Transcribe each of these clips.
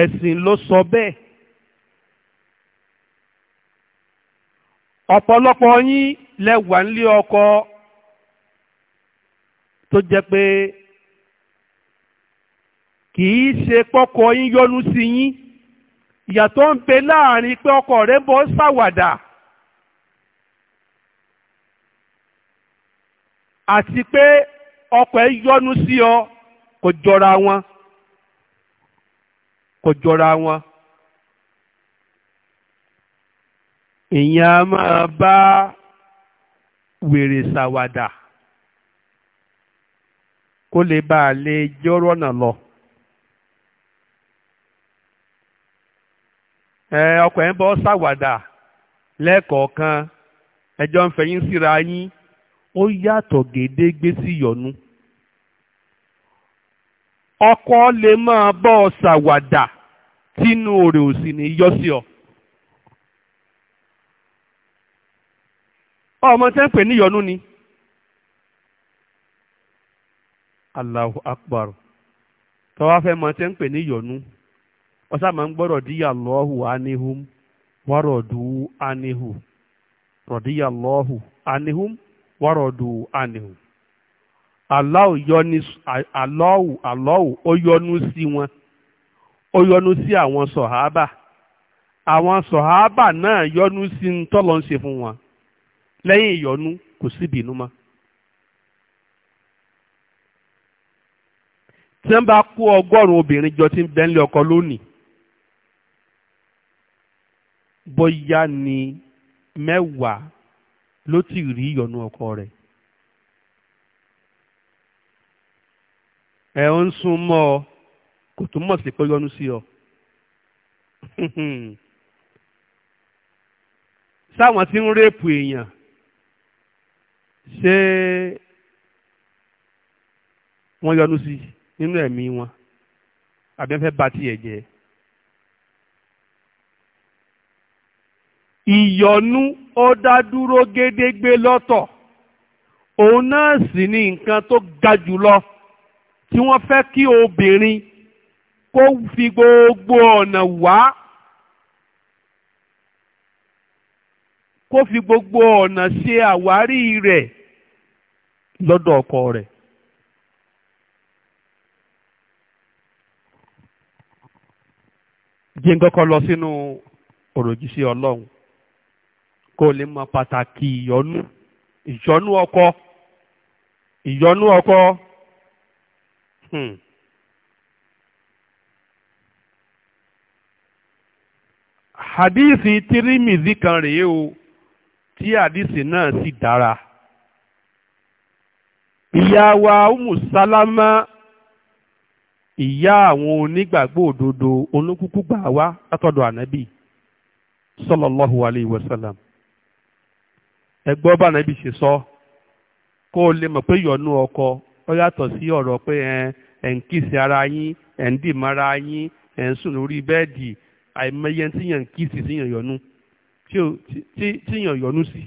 ẹ̀sìn ló sọ bẹ́ẹ̀ ọ̀pọ̀lọpọ̀ yín lẹ́wà nílé ọkọ tó jẹ́ pé kì í ṣe pọ́kọ yín yọnu sí yín ìyàtọ̀ ń bẹ láàrin pé ọkọ rẹ bọ́ ṣàwàdà àti pé ọkọ ẹ yọnu sí ọ kò jọra wọn. kò wọn. èèyàn a máa bá wèrè ṣàwàdà kó lè bá a lè jọ́rọ̀ lọ. ẹ ọkọ̀ ẹ̀ ń bọ́ ṣàwàdà lẹ́ẹ̀kọ̀ọ̀kan ẹjọ́ ń fẹ̀yìn síra yín ó yàtọ̀ gédégbé sí yọ̀nú. ọkọ lè máa bọ́ ṣàwàdà tínú òrè òsì ní yọ sí ọ. ọmọ tẹ́ ń pè ni. Allahu akbar tọ́wá fẹ́ mọ tẹ́ ń pè níyọnú ọ̀sá máa ń gbọ́ rọ̀díyà lọ́hù anihum wárọ̀dù anihum rọ̀díyà lọ́hù anihum wárọ̀dù aláwù yọni aláwù aláwù ó yọnu sí wọn ó yọnu sí àwọn sọ̀hábà àwọn sọ̀hábà náà yọnu sí ń tọ́lọ́ ń ṣe fún wọn lẹ́yìn ìyọnu kò sí ìbínú mọ́. tí wọ́n bá kó ọgọ́rùn-ún obìnrin jọ tí ń bẹ́ńlẹ̀ ọkọ lónìí bóyá ni mẹ́wàá ló ti rí ìyọnu ọkọ rẹ̀. ẹ ó ń sún mọ́ ọ kò túmọ̀ sí pé yọnu sí ọ. sáwọn tí ń rèpù èèyàn ṣé wọ́n yọnu sí nínú ẹ̀mí wọn àbí fẹ́ bà tiẹ̀ jẹ́. ìyọnu ó dá dúró gédégbé lọ́tọ̀ òun náà sì ni nǹkan tó ga jùlọ. tí wọ́n fẹ́ kí obìnrin kó fi gbogbo ọ̀nà wá kó fi gbogbo ọ̀nà ṣe àwárí rẹ̀ lọ́dọ̀ ọkọ rẹ̀. jẹ́ ń kọ́kọ́ lọ sínú òròjíṣẹ́ ọlọ́run kó lè mọ pàtàkì ìyọnú ìyọnú ọkọ ìyọnú ọkọ. Hmm hmm. hadisi tirimizi kan rèé o tí hadisi náà sì dára ìyá wa umu salama ìyá àwọn onígbàgbọ́ òdodo olókùkù gbà wá látọ̀dọ̀ ànábì sallallahu alayhi wa sallam ẹgbọ́ bá ànábì ṣe sọ kó o lè mọ̀ pé yọ̀nú ọkọ ó yàtọ̀ sí ọ̀rọ̀ pé ẹ̀ ń kìsì ara yín ẹ̀ ń dìmọ́ ara yín ẹ̀ ń sùn lórí bẹ́ẹ̀dì àìmọye tí yàn ń kìsì tí yàn yọnu tí yàn yọnu sí.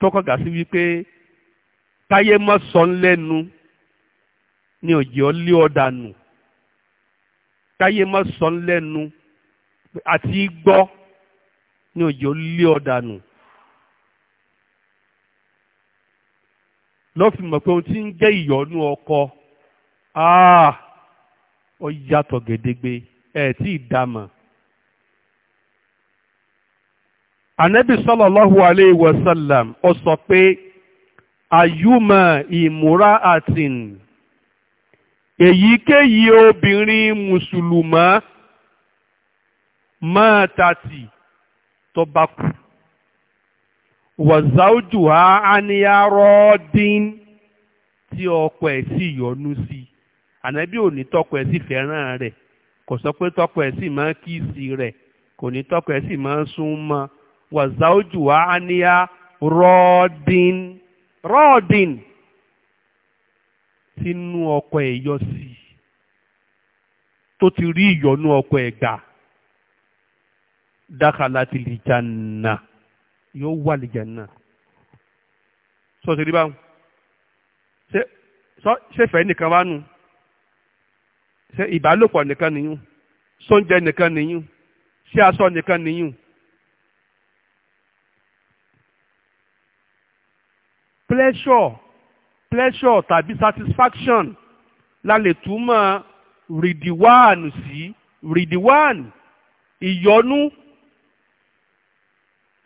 tọ́kọ̀ gà sí wípé táyé mọ́ sọ lẹ́nu ni òjì ọ́ lé ọ dànù táyé mọ́ sọ lẹ́nu àti gbọ́ ni òjì ọ́ lé ọ ló fi mọ̀ pé ohun tí ń jẹ́ ìyọ́nú ọkọ ọ ah, yàtọ̀ gèdègbè ẹ̀ tí ì dámọ̀. Ànábì sallam ọ sọ pé àyùmọ̀ ìmúra àtìn èyíkéyìí obìnrin mùsùlùmọ́ máa tàtì tó bá wọ̀záójù á áníyárọ́ dín tí ọkọ ẹ̀ sì yọnu sí ànábì ò ní tọkọ ẹ̀ sì fẹ́ràn rẹ̀ kò sọ pé tọkọ ẹ̀ sì máa ń kíìsì rẹ̀ kò ní tọkọ ẹ̀ sì máa ń sún mọ́ wọ̀záójù á áníyárọ́ dín rọ́ọ̀dín sínú ọkọ ẹ̀ yọ sí tó ti rí ìyọnu ọkọ ẹ̀ gbà dákàlá ti lè jà náà yóò wà lìjànà sọ ti rí báwọn ṣé fẹ́ nìkan wá nù ṣé ìbálòpọ̀ nìkan nìyún sóúnjẹ nìkan nìyún ṣé aṣọ nìkan nìyún. pleasure pleasure tàbí satisfaction la lè túmọ̀ rìdíwáànù sí rìdíwáànù ìyọnú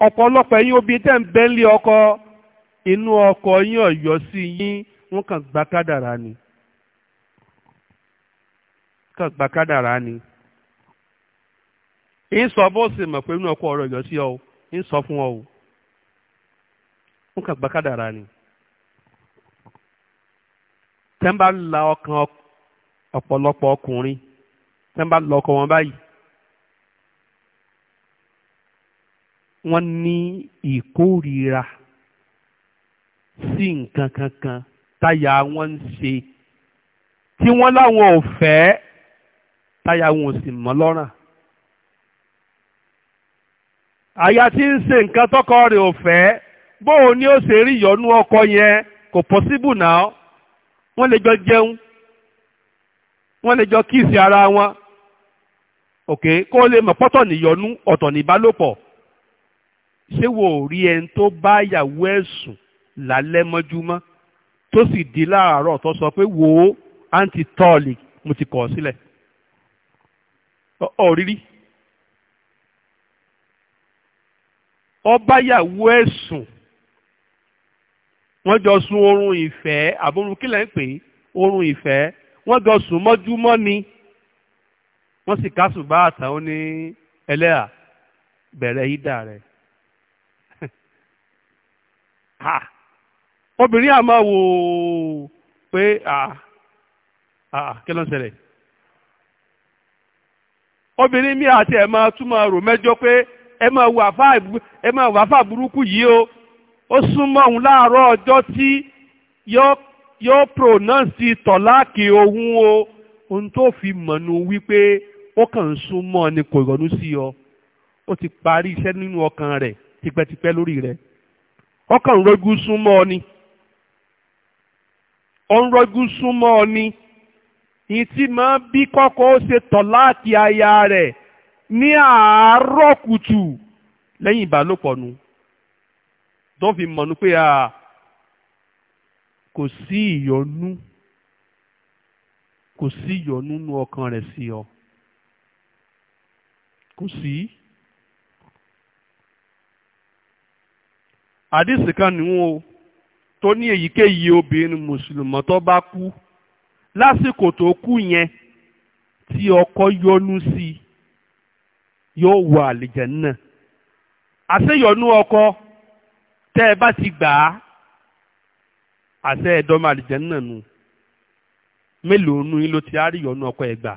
ọ̀pọ̀lọpọ̀ ẹ̀yin obìnrin tẹ́ ń bẹ nílé ọkọ inú ọkọ yín ọ̀yọ́ sí yín wọ́n kàn gba kádàrá ni kàn gba kádàrá ni ń sọ bó sì mọ̀ pé inú ọkọ ọ̀rọ̀ ọ̀yọ́ sí ọ ń sọ fún ọ o wọ́n kàn gba kádàrá ni tẹ́ ń bá la ọkàn ọ̀pọ̀lọpọ̀ ọkùnrin tẹ́ ń bá lọ ọkọ wọn báyìí wọ́n ní ìkórira sí nǹkan kankan táyà wọ́n ń ṣe tí wọ́n láwọn ò fẹ́ táyà wọn ò sì mọ́ lọ́ràn. àyà tí ń ṣe nǹkan tọkọ rẹ̀ ò fẹ́ bóun ni ó ṣe rí ìyọnú ọkọ yẹn kò pọ́síbù náà wọ́n lè jọ jẹun wọ́n lè jọ kíìsì ara wọn òkè kó lè mọ̀ pọ́tọ̀ níyọnú ọ̀tọ̀ níbálòpọ̀. ṣé wò ó rí ẹni tó bá yàwó ẹ̀ sùn lálẹ́ mọ́júmọ́ tó sì di láàárọ̀ tó sọ pé wò ó àǹtí tọ́ọ̀lì mo ti kọ̀ ọ́ sílẹ̀ ọ̀rírí ọba yàwó ẹ̀ sùn wọ́n jọ sun oorun ìfẹ́ àbúrò kílẹ̀ ń pè oorun ìfẹ́ wọ́n jọ sùn mọ́júmọ́ ni wọ́n sì kásùn bá àtàwọn ní ẹlẹ́à bẹ̀rẹ̀ yídà rẹ̀ obìnrin àmọ́ wò ó pé kí ló ń ṣẹlẹ̀ obìnrin mi àti ẹ̀ máa túmọ̀ rò mẹ́jọ pé ẹ máa wà fà burúkú yìí o ó súnmọ́ òun láàárọ̀ ọjọ́ tí yóò pronounce tọ̀láàkì ohun o ohun tó fi mọ̀nù wípé ó kàn ń súnmọ́ ni kò rọ̀nú sí ọ ó ti parí iṣẹ́ nínú ọkàn rẹ̀ tipẹ́tipẹ́ lórí rẹ̀ ọkàn ń rọjú súnmọ́ ọ ni ó ń rọjú súnmọ́ ọ ni ìyí tí máa bí kọ́kọ́ ó ṣe tọ̀ láti aya rẹ̀ ní àárọ̀ kùtù lẹ́yìn ìbálòpọ̀ nu tó fi mọ̀nú pé kò sí ìyọnú kò sí ìyọnú nínú ọkàn rẹ̀ sí ọ kò sí. àdìsí kan nìwọ̀n o tó ní èyíkéyìí obìnrin mùsùlùmọ́ tó bá kú lásìkò tó kú yẹn tí ọkọ yọ́nú sí yóò wọ àlìjànnà àṣeyọnú ọkọ tẹ́ ẹ bá ti gbà á àṣẹ ẹ̀dọ́mọ àlìjànnà nù mélòó nínú yín ló ti rí yọ́nú ọkọ ẹ̀ gbà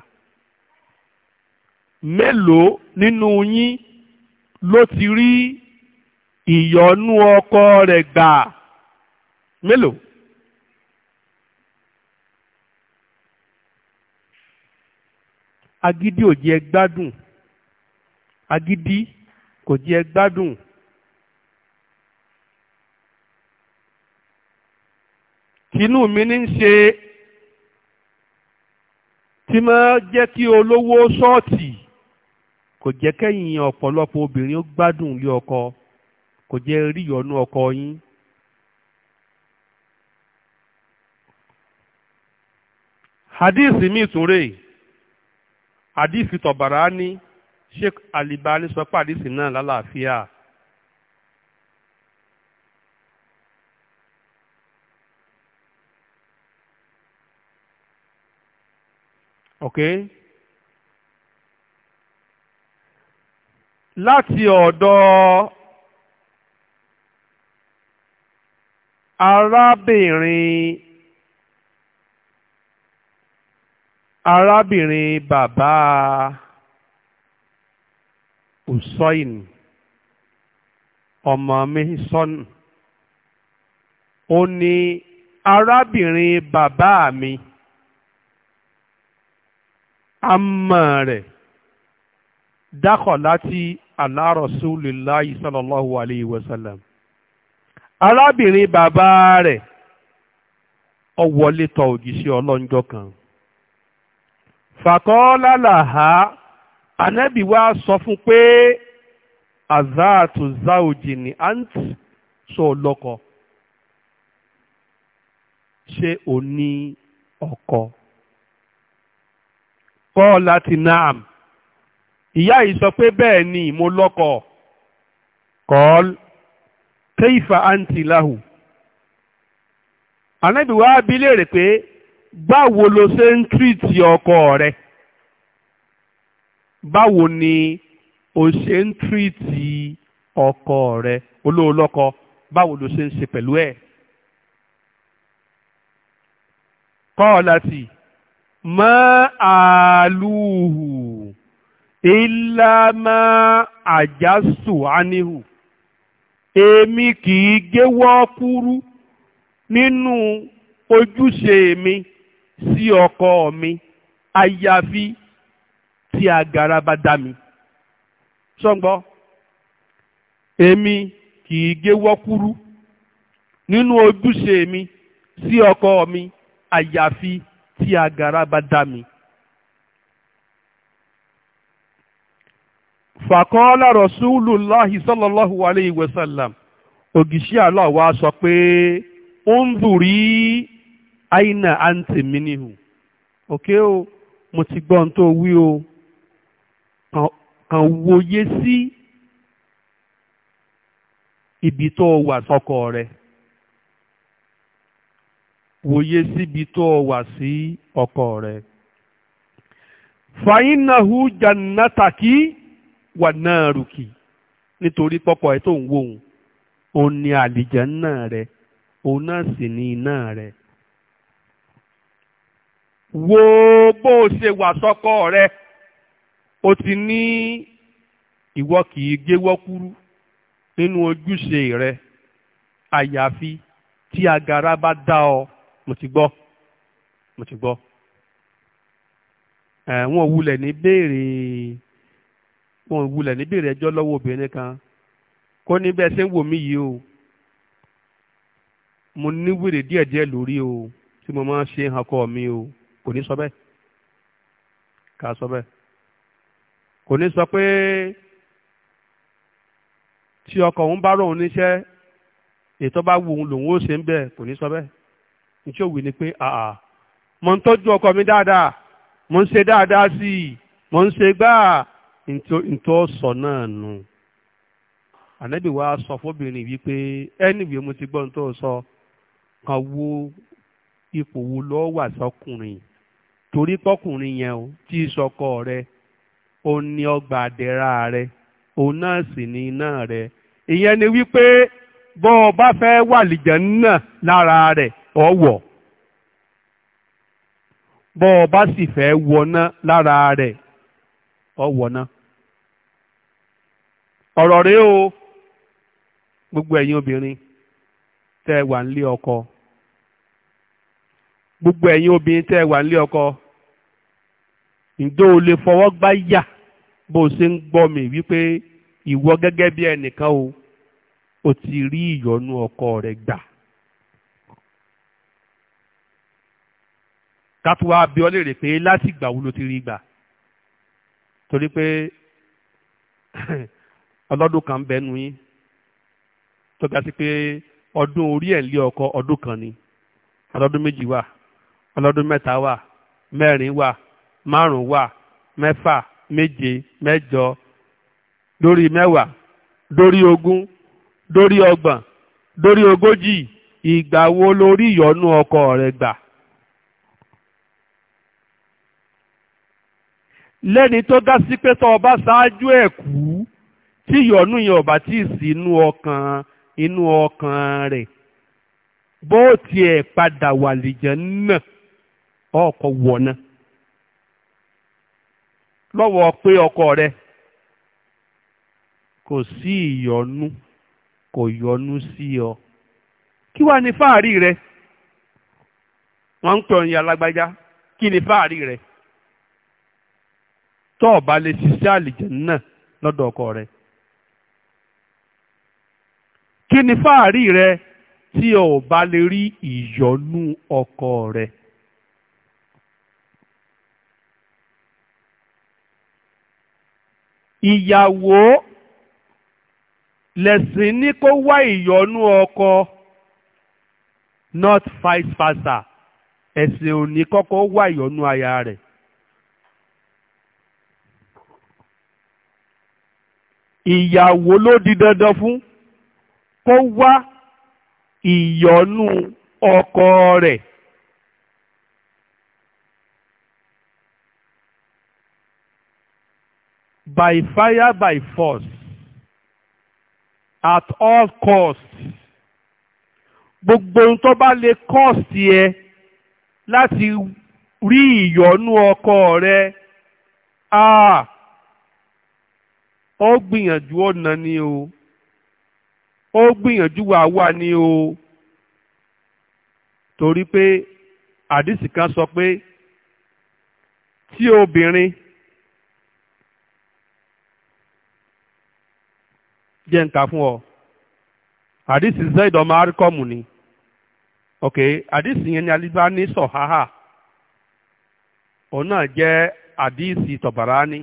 mélòó nínú yín ló ti rí ìyọnú ọkọ rẹ̀ gbà mélòó. agídí ò jẹ́ gbádùn agídí kò jẹ́ gbádùn. tinú mi ní ń ṣe tí máa jẹ́ kí olówó ṣọ́ọ̀tì kò jẹ́ kẹ́yìn ọ̀pọ̀lọpọ̀ obìnrin gbádùn ilé ọkọ kò jẹ́ rí ìyọnu ọkọ yín. hadíìsì míì tún rèé hadíìsì Tọ̀bàránì Sheikh Alibani sọ pé hadíìsì náà lálàáfíà. okay láti ọ̀dọ̀ arábìnrin arábìnrin bàbá Usain ọmọ Mihson ó ní arábìnrin bàbá mi àmọ́ rẹ̀ dákọ̀ láti ala Rasulillahi sallallahu alayhi arábìnrin bàbá rẹ̀ ó wọlé tọ̀ òjíṣẹ́ ọlọ́njọ́ kan fàkọ́ọ́lá làhá anẹ́bí wa sọ fún pé azaatu zaoji ni ant sọ lọ́kọ ṣé o ní ọkọ kọ́ọ̀lá ti naam ìyá yìí sọ pé bẹ́ẹ̀ ni mo lọ́kọ kọ́ọ̀lá kéyìfà àǹtì láhù ànábì wá bi léèrè pé báwo lo ṣe ń tírìtì ọkọ rẹ báwo ni o ṣe ń tírìtì ọkọ rẹ olóòlọ́kọ báwo lo ṣe ń ṣe pẹ̀lú ẹ̀ kọ́ọ̀láti mọ́ àlùhù ìlàmà àjásù áníhù èmi kì í géwọ́ kúrú nínú ojúṣe mi sí ọkọ mi àyàfi tí agara bá dá mi sọ́ngbọ́ èmi kì í géwọ́ kúrú nínú ojúṣe mi sí ọkọ mi àyàfi tí agara bá dá mi. fàkọ́ọ́lá rasulullahi sallallahu alayhi wa sallam ògìṣẹ́ Allah wa aina àǹtì mi nìhù òkè o mo ti gbọ́ ohun o kàn wòye sí ibi tó wà sọ́kọ rẹ wòye ibi tó wà sí ọkọ rẹ fàyínnahu wà náà rùkì nítorí pọ́pọ́ ẹ tó ń wò òun òun ni àlìjànnà rẹ òun náà sì ni iná rẹ. wo bó o ṣe wà sọ́kọ rẹ o ti ní ìwọ kì í géwọ́ kúrú nínú ojúṣe rẹ àyàfi tí agara bá dá ọ mo ti gbọ́ mo ti gbọ́ ẹ̀ wọ́n wulẹ̀ ní béèrè wọn ò wulẹ̀ níbèrè ẹjọ́ lọ́wọ́ obìnrin kan kó ní bẹ́ẹ̀ ṣe ń wò mí yìí o mo ní wèrè díẹ̀díẹ̀ lórí o tí mo máa ń ṣe ọkọ mi o kò ní sọ bẹ́ẹ̀ ká sọ bẹ́ẹ̀ kò ní sọ pé tí ọkọ òun bá rọ̀ òun níṣẹ́ ètò bá wù òun lòun ó ṣe ń bẹ̀ kò ní sọ bẹ́ẹ̀ níṣẹ́ òwe ni pé àà mo ń tọ́jú ọkọ mi dáadáa mo ń ṣe dáadáa sí i mo ń ṣe gbáà ntọ́ sọ náà nù ànábì wa sọ fóbìnrin wípé ẹni wíwé mo ti gbọ́ ntọ́ sọ kan wo ipò wo lọ́ wà sọkùnrin torí pọkùnrin yẹn o tí sọkọ rẹ o ní ọgbà àdẹ́ra rẹ o náà sì ní iná rẹ ìyẹn ni wípé bọ́ ọ bá fẹ́ wà lìjẹ́ náà lára ọ ọ̀wọ̀ bọ́ ọ bá sì fẹ́ wọná lára rẹ̀ ọ̀wọ̀ náà. ọ̀rọ̀ rèé o gbogbo ẹ̀yin obìnrin tẹ́ ẹ wà nílé ọkọ gbogbo ẹ̀yin obìnrin tẹ́ ẹ wà nílé ọkọ ǹjẹ́ o lè fọwọ́ gbá yà bó o ṣe ń gbọ́ mi wípé ìwọ gẹ́gẹ́ bí ẹnìkan o o ti rí ìyọnu ọkọ rẹ gbà. kátúwá abíọ́ lè rè pé láti ìgbà wo ló ti rí gbà torí pé ọlọ́dún kan bẹ́ẹ̀ yín tó ga sí pé ọdún orí ẹ̀ ọkọ ọdún kan ni ọlọ́dún méjì wà ọlọ́dún mẹ́ta wà mẹ́rin wà márùn wà mẹ́fà méje mẹ́jọ lórí mẹ́wàá lórí ogún lórí ọgbọ̀n lórí ogójì ìgbà wo lórí ọkọ rẹ gbà. lẹ́ni tó dá sí pé bá ṣáájú tí ìyọ̀nú yẹn ọba tí ì sí inú ọkàn inú ọkàn rẹ̀ bó tiẹ̀ padà wà lìjẹ́ náà ọkọ̀ wọ̀nà lọ́wọ́ pé ọkọ rẹ kò sí ìyọ̀nú kò yọnu sí ọ kí wàá ní fáàrí rẹ wọ́n ń pè ọ̀yìn alágbájá kí ni fáàrí rẹ tọ́ọ̀ bá lè ṣiṣẹ́ àlìjẹ́ náà lọ́dọ̀ ọkọ rẹ kí ni fáàrí rẹ tí o ò bá lè rí ìyọ́nú ọkọ rẹ. ìyàwó lẹ̀sìn ní kó wá ìyọ́nú ọkọ not vice versa ẹ̀sìn ò ní kọ́kọ́ wá ìyọ́nú aya rẹ̀. ìyàwó ló di dandan fún. kó wá ìyọnú ọkọ rẹ̀. by fire by force at all costs gbogbo ohun tó bá lè cost yẹ láti rí ìyọnú ọkọ rẹ ah, ó gbìyànjú ọ̀nà ni o. ó gbìyànjú wà wà ní o torí pé àdìsí kan sọ pé tí obìnrin jẹ́ ń kà fún ọ àdìsí zaid ọmọ arikọ́mù ni ok àdìsí yẹn ni alibá ní sọ̀háhà òun náà jẹ́ àdìsí tọ̀bàrà ni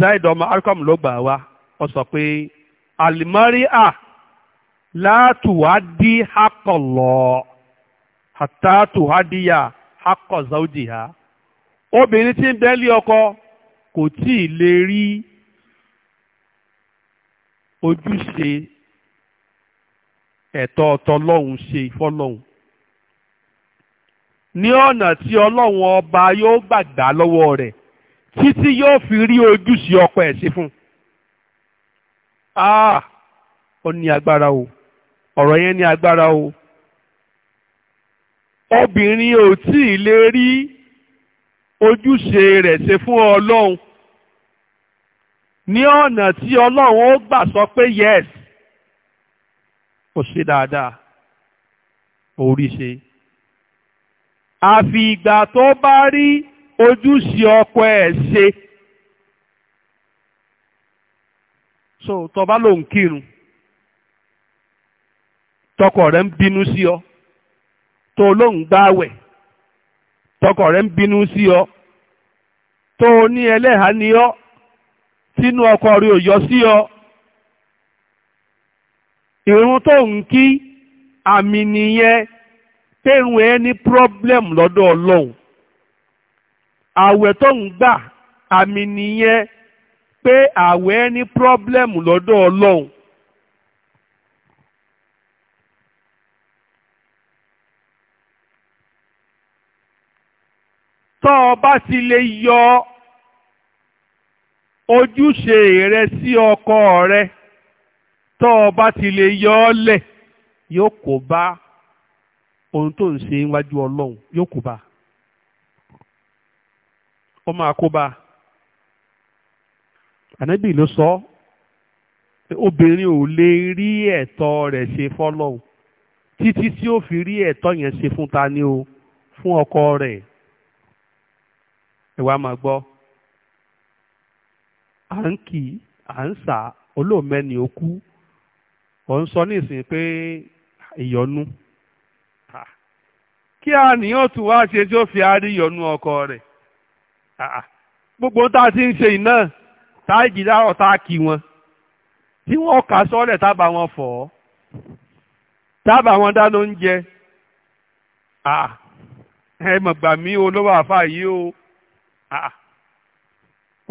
zaid ọmọ ló gbà wá ó sọ pé. àlìmọ́ríà látùwádìí hákọ̀ lọ àtàtùwádìíyà hákọ̀ obìnrin tí ń ọkọ kò tí ì lè rí ojúṣe ẹ̀tọ́ se ṣe ìfọ́lọ́hún ní ọ̀nà tí ọba yóò gbàgbà lọ́wọ́ rẹ̀ títí yóò fi rí ojúṣe ọkọ ẹ̀ ṣe fún áà ah, ó ní agbára o ọ̀rọ̀ yẹn ní agbára o obìnrin ò tí ì lè rí ojúṣe rẹ̀ ṣe fún ọlọ́run ní ọ̀nà tí ọlọ́run ó gbà sọ pé yes kò ṣe dáadáa orí ṣe àfi ìgbà tó bá rí ojúṣe ọkọ ẹ̀ ṣe. so tọba ló ń kírun tọkọ rẹ ń bínú sí ọ tó ló ń gbáwẹ̀ tọkọ rẹ ń bínú sí ọ tó ní ẹlẹ́hàá ni ọ tínú ọkọ rẹ ò yọ sí ọ ìrun tó ń kí àmì nìyẹn tẹ́rùn ẹ ní problem lọ́dọ̀ ọlọ́run àwẹ̀ tó ń gbà àmì nìyẹn pé àwẹ̀ ní pírọ́blẹ́mù lọ́dọ̀ ọlọ́run tọ́ ọ bá ti lè yọ ojúṣe rẹ sí ọkọ rẹ tọ́ ọ bá ti lè yọ ọ lẹ̀ yóò kó bá ohun tó ń ṣe níwájú ọlọ́run yóò kó ànábì ló sọ obìnrin ò lè rí ẹ̀tọ́ rẹ̀ ṣe fọ́lọ́hùn títí tí ó fi rí ẹ̀tọ́ yẹn ṣe fún ta ni o fún ọkọ rẹ̀ ẹ wá máa gbọ́ à ń kì í à ń sà olóòmẹ́ni ó kú ò ń sọ nísìnyí pé ìyọnu kí a nìyàn tún wá ṣe tí ó fi arí ìyọnu ọkọ rẹ̀ gbogbo tá a ti ń ṣe yìí náà tá a jì láàárọ̀ tá a kí wọn tí wọ́n kà sọ́ọ̀lẹ̀ tábà wọn fọ̀ ọ́ tábà wọn dáná oúnjẹ ẹ mọ̀ gbà mí olówó àfa yìí o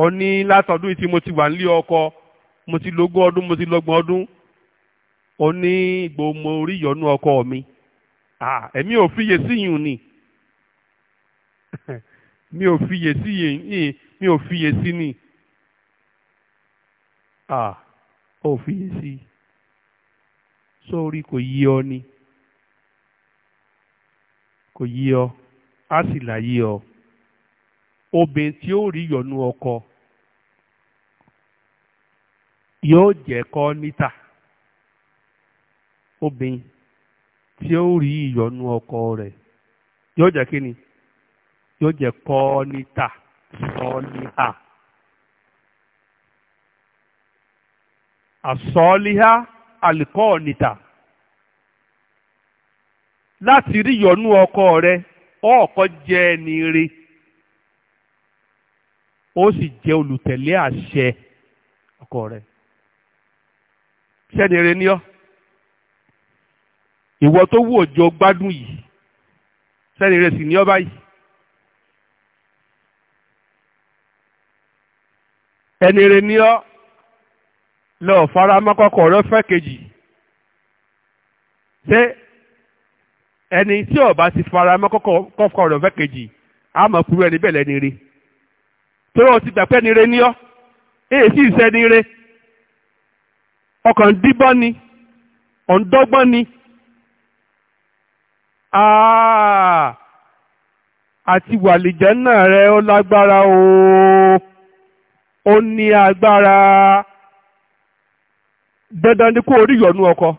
ọ ní látọdún tí mo ti wà nílé ọkọ mo ti lógún ọdún mo ti lọ́gbọ̀n ọdún ó ní ìgbò mo rí ìyọnu ọkọ mi èmi ò fiyè sí yìí ni mi ò fiyè sí yìí mi ò fiyè sí ni à ó fiyè sí sórí kò yí ọ ni kò yí ọ á sì láyé ọ obìnrin tí ó rí yọnu ọkọ yóò jẹ kọ níta obìnrin tí ó rí ìyọnu ọkọ rẹ̀ yóò jẹ kí ni yóò jẹ kọ níta kọ níta. àsọ́ọ́líhá àlìkọ́ọ̀nìtà láti rí yọnú ọkọ rẹ ọkọ jẹ ẹni rí ó sì jẹ olùtẹ̀lé àṣẹ ọkọ rẹ sẹ́ni rẹ ní ọ́ ìwọ tó wù òjò gbádùn yìí sẹ́ni rẹ sì ní ọ́ báyìí. ẹni rẹ ní ọ́ lọ fara mọ́kọ́kọ́ rẹ fẹ́ kejì ṣé ẹni tí ó bá ti fara mọ́kọ́kọ́ rẹ fẹ́ kejì á mọ̀ kúrú ẹni bẹ́ẹ̀ lẹ́ni rí torí o ti gbàgbẹ́ ni re ní ọ́ èyí sì ṣẹ́ ni re ọkàn díbọ́n ni ọ̀ǹdọ́gbọ́n ni àti wàlìjẹ́ náà rẹ ó lágbára o ó ní agbára. dandan ni kó o rí yọ̀nú ọkọ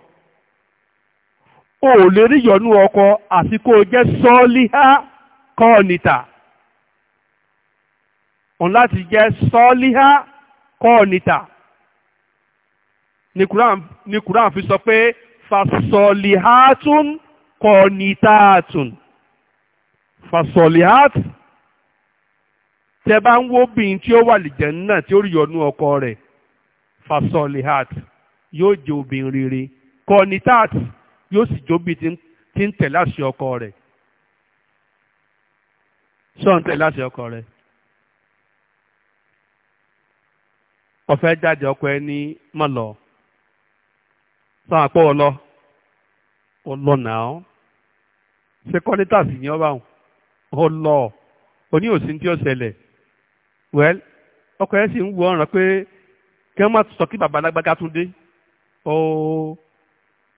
o ò lè rí yọnú ọkọ àti kó o jẹ́ sọ́ọ́líhá kọ́ọ̀nìtà òun láti jẹ sọ́ọ́líhá kọ́ọ̀nìtà ni Quran fi sọ pé fasọ̀líhátún kọ́ọ̀nìtàtún fasọ̀líhát tẹ bá ń wo bíi tí ó wà lìjẹ́ náà tí ó rí yọ̀nú ọkọ rẹ fasọ̀líhátún. yóò jẹ́ obìnrin rere kọ́nítàt yóò sì jóbi tí ń tẹ̀lé àṣẹ ọkọ rẹ̀ sọ ń tẹ̀lé àṣẹ ọkọ rẹ̀ ọ̀fẹ́ jáde ọkọ ẹ ní lọ, sọ àpọ̀ ọlọ ọlọ́nà ọ́ ṣe kọ́nítàt ní ọba ọlọ oní òsín tí ó ṣẹlẹ̀ well ọkọ ẹ sì ń wọ ọ̀ràn pé kí wọ́n má sọ kí bàbá alágbádá tún dé. ó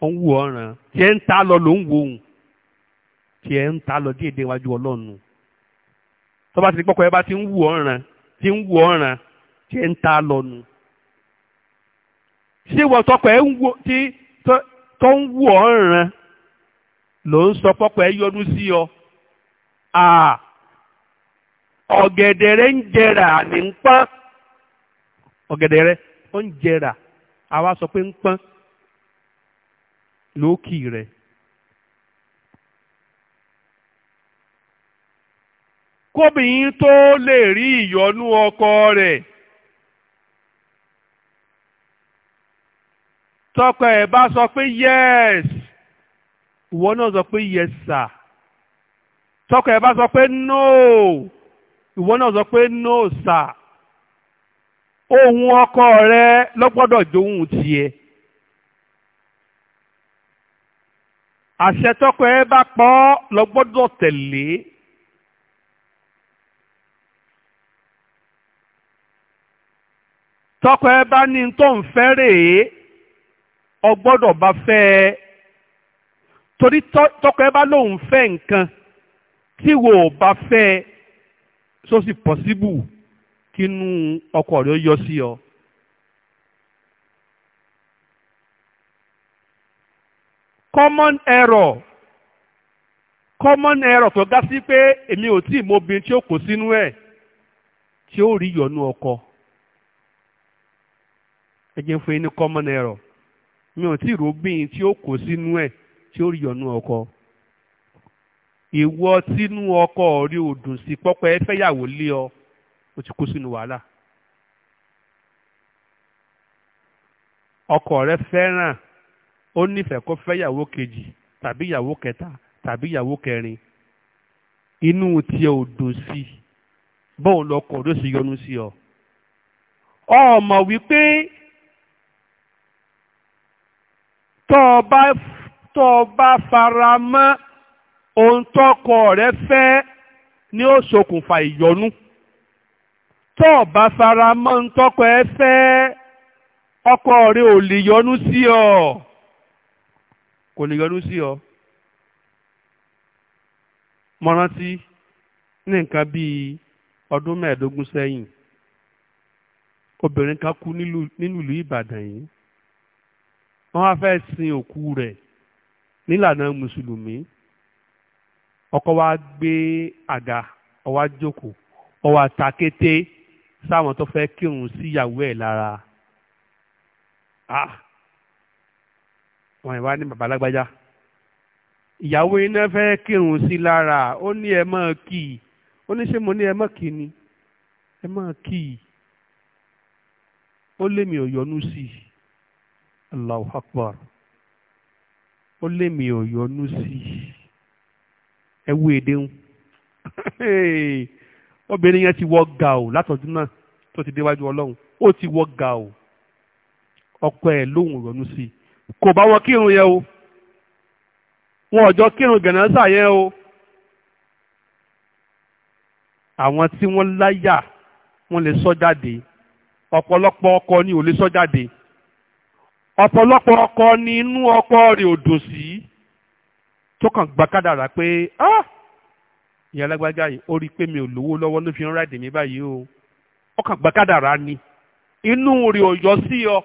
ó ń wù ọ̀ràn tiẹ̀ ń ta lọ ló ń wò ó tiẹ̀ ń ta lọ díẹ̀ díẹ̀ wájú ọlọ́run tó bá ti di pọ́kọ ẹ bá ti ń wù ọ̀ràn ti ń wù ọ̀ràn tọkọ ń wò tí tó ń wù ló ń sọ yọnu sí ọ ọ̀gẹ̀dẹ̀ rẹ̀ ń àwa sọ pé ń pọ́n lókì rẹ̀. kóbìnrin tó lè rí ìyọnú ọkọ rẹ̀ tọkọ ẹ̀ bá sọ pé yes ìwọ náà sọ pé yes sir tọkọ ẹ̀ bá sọ pé no ìwọ náà sọ pé no sir ohun ọkọ rẹ lọ́gbọ́dọ̀ jóhun tiẹ̀ àṣẹ tọkọ ẹ bá pọ̀ lọ́gbọ́dọ̀ tẹ̀lé tọkọ ẹ bá ní tó ń fẹ́ rèé ọgbọ́dọ̀ bá fẹ́ ẹ torí tọkọ ẹ bá lóun fẹ́ nǹkan tí wo ò bá fẹ́ ẹ sósì pọ̀síbù. So si kínú ọkọ rẹ̀ yọ sí ọ. common error common error tó ga sí pé èmi ò tí ì mọ tí ó kó sínú ẹ̀ tí ó rí yọnú ọkọ ẹ jẹ́ fún yín ní common error mi ò tí ì róbìn tí ó kó sínú ẹ̀ tí ó rí yọnú ọkọ ìwọ tínú ọkọ rí ò sí pọ́pẹ́ fẹ́yàwó lé ọ. ó ti kú sínú wàhálà. ọkọ rẹ fẹ́ràn ó nífẹ̀ẹ́ kó fẹ́ ìyàwó kejì tàbí ìyàwó kẹta tàbí ìyàwó kẹrin inú tiẹ̀ ò dùn sí i bóun lọkọ̀ ló sì yọnu sí ọ. o wípé tó bá bá fara mọ́ ohun tọkọ rẹ fẹ́ ni ó ṣokùnfà ìyọnu tó o bá fara mọ́ ń tọ́kọ ẹ fẹ́ ọkọ rẹ ò lè yọnu sí ọ kò lè yọnu sí ọ mo rántí ní nǹkan bíi ọdún mẹ́ẹ̀ẹ́dógún sẹ́yìn obìnrin kan kú nínú ìlú Ìbàdàn yìí wọ́n wá fẹ́ sin òkú rẹ̀ nílànà mùsùlùmí ọkọ wa gbé àga ó jókòó ó ta kété sáwọn tó fẹ́ kírun síyàwó ẹ̀ lára ah! wọn ìwá ní bàbá lágbájá ìyàwó iná fẹ́ kírun sí lára ó ní ẹ mọ́ kì í ó ní ṣé mo ní ẹ mọ́ kì í ni ẹ mọ́ kì í ó lémi ò yọnu sí i Allahu Akbar ó lémi ò yọnu sí i ẹ wo èdè ń. obìnrin yẹn ti wọ gàù látọ̀dún náà tó ti déwájú ọlọ́run ó ti wọ gàù ọkọ ẹ̀ lóhùn ìrọ̀nù sí i kò bá wọn kírun yẹn o wọn ọjọ́ kírun gànáńsà yẹn o àwọn tí wọ́n láyà wọ́n lè sọ jáde ọ̀pọ̀lọpọ̀ ọkọ ni ò lè sọ jáde ọ̀pọ̀lọpọ̀ ọkọ ni inú ọkọ rẹ̀ ò dùn sí tó kàn gba kádàrá pé ah ìyá alágbájá yìí ó rí i pé mi ò lówó lọ́wọ́ ló fi ń ráìdì mi báyìí o ọkàn gbàkádàrá ni inú rẹ̀ ò yọ sí ọ